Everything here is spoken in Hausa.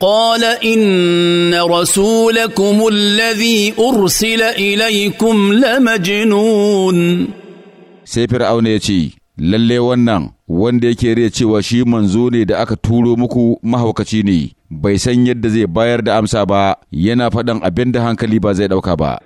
قال ان رسولكم الذي ilaikum اليكم لمجنون sai fir'auna ya ce lalle wannan wanda yake riya cewa shi manzo ne da aka turo muku mahaukaci ne bai san yadda zai bayar da amsa ba yana faɗan abin da hankali ba zai ɗauka ba